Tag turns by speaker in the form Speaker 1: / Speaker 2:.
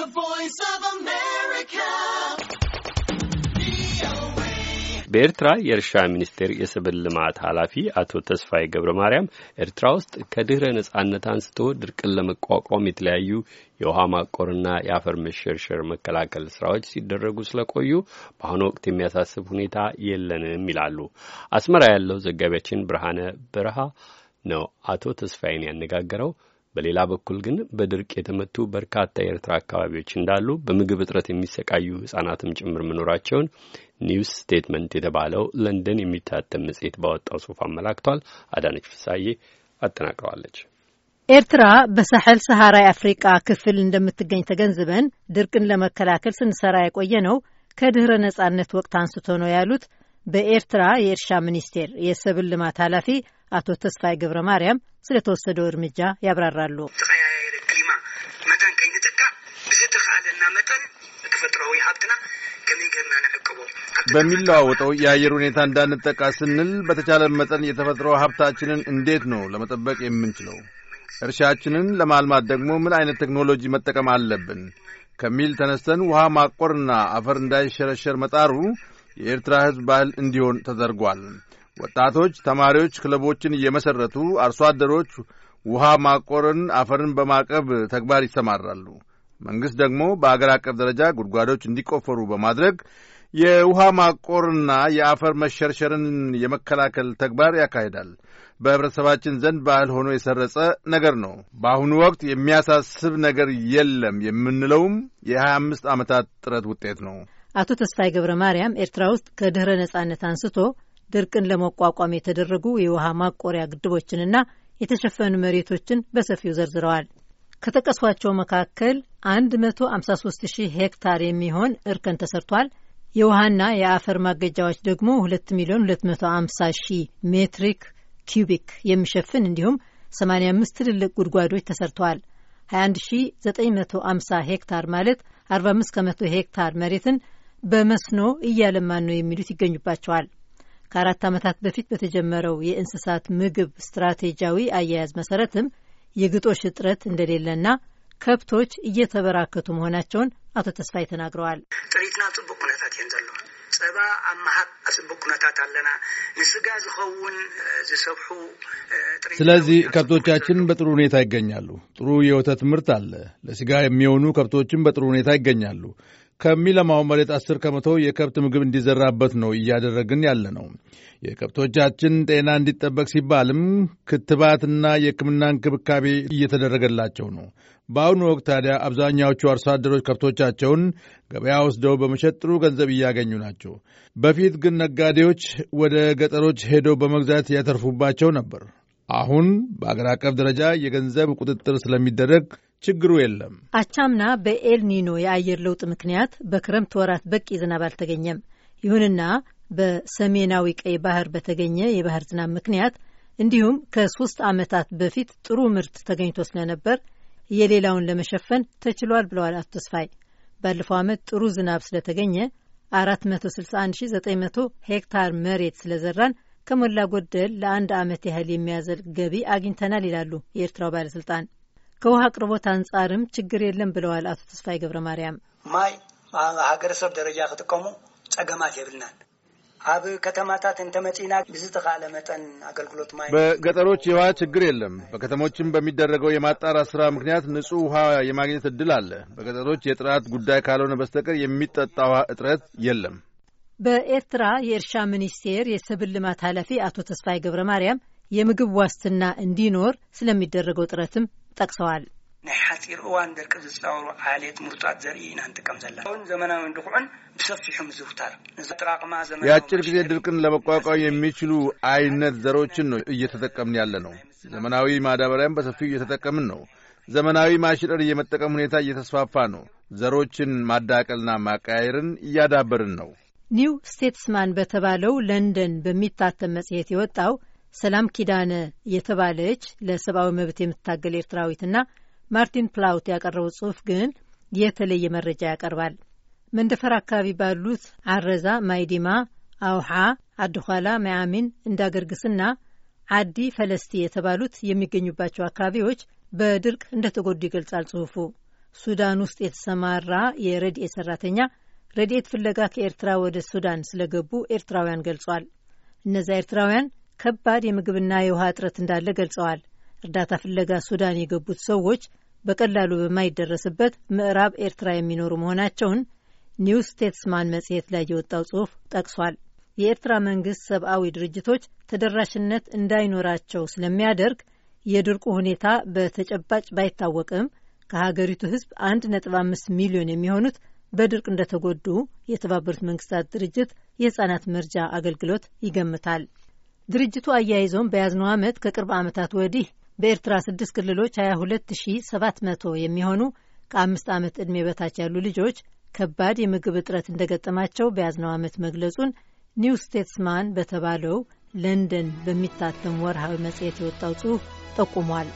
Speaker 1: The Voice of America. በኤርትራ የእርሻ ሚኒስቴር የሰብል ልማት ኃላፊ አቶ ተስፋዬ ገብረ ማርያም ኤርትራ ውስጥ ከድህረ ነጻነት አንስቶ ድርቅን ለመቋቋም የተለያዩ የውሃ ማቆርና የአፈር መሸርሸር መከላከል ስራዎች ሲደረጉ ስለቆዩ በአሁኑ ወቅት የሚያሳስብ ሁኔታ የለንም ይላሉ። አስመራ ያለው ዘጋቢያችን ብርሃነ በረሃ ነው አቶ ተስፋዬን ያነጋገረው። በሌላ በኩል ግን በድርቅ የተመቱ በርካታ የኤርትራ አካባቢዎች እንዳሉ በምግብ እጥረት የሚሰቃዩ ህጻናትም ጭምር መኖራቸውን ኒውስ ስቴትመንት የተባለው ለንደን የሚታተም መጽሔት ባወጣው ጽሑፍ አመላክቷል። አዳነች ፍሳዬ አጠናቅረዋለች።
Speaker 2: ኤርትራ በሳሐል ሰሃራይ አፍሪቃ ክፍል እንደምትገኝ ተገንዝበን ድርቅን ለመከላከል ስንሰራ የቆየ ነው ከድኅረ ነጻነት ወቅት አንስቶ ነው ያሉት በኤርትራ የእርሻ ሚኒስቴር የሰብል ልማት ኃላፊ አቶ ተስፋይ ገብረ ማርያም ስለተወሰደው እርምጃ ያብራራሉ።
Speaker 1: በሚለዋወጠው የአየር ሁኔታ እንዳንጠቃ ስንል በተቻለ መጠን የተፈጥሮ ሀብታችንን እንዴት ነው ለመጠበቅ የምንችለው? እርሻችንን ለማልማት ደግሞ ምን አይነት ቴክኖሎጂ መጠቀም አለብን ከሚል ተነስተን ውሃ ማቆርና አፈር እንዳይሸረሸር መጣሩ የኤርትራ ሕዝብ ባህል እንዲሆን ተደርጓል። ወጣቶች፣ ተማሪዎች ክለቦችን እየመሠረቱ አርሶ አደሮች ውሃ ማቆርን፣ አፈርን በማቀብ ተግባር ይሰማራሉ። መንግሥት ደግሞ በአገር አቀፍ ደረጃ ጉድጓዶች እንዲቆፈሩ በማድረግ የውሃ ማቆርና የአፈር መሸርሸርን የመከላከል ተግባር ያካሂዳል። በህብረተሰባችን ዘንድ ባህል ሆኖ የሰረጸ ነገር ነው። በአሁኑ ወቅት የሚያሳስብ ነገር የለም የምንለውም የሀያ አምስት ዓመታት ጥረት ውጤት ነው።
Speaker 2: አቶ ተስፋይ ገብረ ማርያም ኤርትራ ውስጥ ከድኅረ ነጻነት አንስቶ ድርቅን ለመቋቋም የተደረጉ የውሃ ማቆሪያ ግድቦችንና የተሸፈኑ መሬቶችን በሰፊው ዘርዝረዋል። ከጠቀሷቸው መካከል 153,000 ሄክታር የሚሆን እርከን ተሰርቷል። የውሃና የአፈር ማገጃዎች ደግሞ 2 ሚሊዮን 250 ሺህ ሜትሪክ ኪዩቢክ የሚሸፍን እንዲሁም 85 ትልልቅ ጉድጓዶች ተሰርተዋል። 21950 ሄክታር ማለት 45 ከመቶ ሄክታር መሬትን በመስኖ እያለማን ነው የሚሉት ይገኙባቸዋል። ከአራት ዓመታት በፊት በተጀመረው የእንስሳት ምግብ ስትራቴጂያዊ አያያዝ መሰረትም የግጦሽ እጥረት እንደሌለና ከብቶች እየተበራከቱ መሆናቸውን አቶ ተስፋይ ተናግረዋል። ጥሪትና ጥቡቅ ሁነታት እየን ዘሎ ፀባ ኣብ መሃብ ኩነታት ኣለና ንስጋ ዝኸውን ዝሰብሑ
Speaker 1: ስለዚ ከብቶቻችን በጥሩ ሁኔታ ይገኛሉ። ጥሩ የወተት ምርት አለ። ለስጋ የሚሆኑ ከብቶችን በጥሩ ሁኔታ ይገኛሉ። ከሚለማው መሬት አስር ከመቶ የከብት ምግብ እንዲዘራበት ነው እያደረግን ያለ ነው። የከብቶቻችን ጤና እንዲጠበቅ ሲባልም ክትባትና የሕክምና እንክብካቤ እየተደረገላቸው ነው። በአሁኑ ወቅት ታዲያ አብዛኛዎቹ አርሶ አደሮች ከብቶቻቸውን ገበያ ወስደው በመሸጥ ጥሩ ገንዘብ እያገኙ ናቸው። በፊት ግን ነጋዴዎች ወደ ገጠሮች ሄደው በመግዛት ያተርፉባቸው ነበር። አሁን በአገር አቀፍ ደረጃ የገንዘብ ቁጥጥር ስለሚደረግ ችግሩ የለም።
Speaker 2: አቻምና በኤልኒኖ የአየር ለውጥ ምክንያት በክረምት ወራት በቂ ዝናብ አልተገኘም። ይሁንና በሰሜናዊ ቀይ ባህር በተገኘ የባህር ዝናብ ምክንያት እንዲሁም ከሶስት ዓመታት በፊት ጥሩ ምርት ተገኝቶ ስለነበር የሌላውን ለመሸፈን ተችሏል ብለዋል አቶ ተስፋይ። ባለፈው ዓመት ጥሩ ዝናብ ስለተገኘ 461900 ሄክታር መሬት ስለዘራን ከሞላ ጎደል ለአንድ ዓመት ያህል የሚያዘልቅ ገቢ አግኝተናል ይላሉ የኤርትራው ባለሥልጣን። ከውሃ አቅርቦት አንጻርም ችግር የለም ብለዋል አቶ ተስፋይ ገብረ ማርያም። ማይ ሀገረሰብ ደረጃ ክጥቀሙ ጸገማት የብልናል አብ ከተማታት እንተመጺና ብዝተኻለ መጠን አገልግሎት ማይ
Speaker 1: በገጠሮች የውሃ ችግር የለም። በከተሞችም በሚደረገው የማጣራት ስራ ምክንያት ንጹህ ውሃ የማግኘት እድል አለ። በገጠሮች የጥራት ጉዳይ ካልሆነ በስተቀር የሚጠጣ ውሃ እጥረት የለም።
Speaker 2: በኤርትራ የእርሻ ሚኒስቴር የሰብል ልማት ኃላፊ አቶ ተስፋይ ገብረ ማርያም የምግብ ዋስትና እንዲኖር ስለሚደረገው ጥረትም ጠቅሰዋል። ናይ ሓፂር እዋን ደርቂ ዝፃወሩ ዓሌት ምህርቷት ዘርኢ ኢና ንጥቀም ዘለና እውን ዘመናዊ ንድኩዑን ብሰፊሑ ዝውታር ጥራቅማ
Speaker 1: የአጭር ጊዜ ድርቅን ለመቋቋም የሚችሉ አይነት ዘሮችን ነው እየተጠቀምን ያለ ነው። ዘመናዊ ማዳበሪያም በሰፊው እየተጠቀምን ነው። ዘመናዊ ማሽነሪ የመጠቀም ሁኔታ እየተስፋፋ ነው። ዘሮችን ማዳቀልና ማቀያየርን እያዳበርን ነው።
Speaker 2: ኒው ስቴትስማን በተባለው ለንደን በሚታተም መጽሔት የወጣው ሰላም ኪዳነ የተባለች ለሰብአዊ መብት የምትታገል ኤርትራዊትና ማርቲን ፕላውት ያቀረበው ጽሑፍ ግን የተለየ መረጃ ያቀርባል። መንደፈር አካባቢ ባሉት አረዛ፣ ማይዲማ፣ አውሓ፣ አድኋላ፣ መያሚን፣ እንዳገርግስና አዲ ፈለስቲ የተባሉት የሚገኙባቸው አካባቢዎች በድርቅ እንደተጎዱ ይገልጻል ጽሑፉ። ሱዳን ውስጥ የተሰማራ የረድኤት ሰራተኛ ረድኤት ፍለጋ ከኤርትራ ወደ ሱዳን ስለገቡ ኤርትራውያን ገልጿል። እነዚያ ኤርትራውያን ከባድ የምግብና የውሃ እጥረት እንዳለ ገልጸዋል። እርዳታ ፍለጋ ሱዳን የገቡት ሰዎች በቀላሉ በማይደረስበት ምዕራብ ኤርትራ የሚኖሩ መሆናቸውን ኒው ስቴትስማን መጽሔት ላይ የወጣው ጽሑፍ ጠቅሷል። የኤርትራ መንግስት ሰብአዊ ድርጅቶች ተደራሽነት እንዳይኖራቸው ስለሚያደርግ የድርቁ ሁኔታ በተጨባጭ ባይታወቅም ከሀገሪቱ ሕዝብ 1.5 ሚሊዮን የሚሆኑት በድርቅ እንደተጎዱ የተባበሩት መንግስታት ድርጅት የሕፃናት መርጃ አገልግሎት ይገምታል። ድርጅቱ አያይዞም በያዝነው ዓመት ከቅርብ ዓመታት ወዲህ በኤርትራ ስድስት ክልሎች 22700 የሚሆኑ ከአምስት ዓመት ዕድሜ በታች ያሉ ልጆች ከባድ የምግብ እጥረት እንደገጠማቸው በያዝነው ዓመት መግለጹን ኒው ስቴትስማን በተባለው ለንደን በሚታተም ወርሃዊ መጽሔት የወጣው ጽሑፍ ጠቁሟል።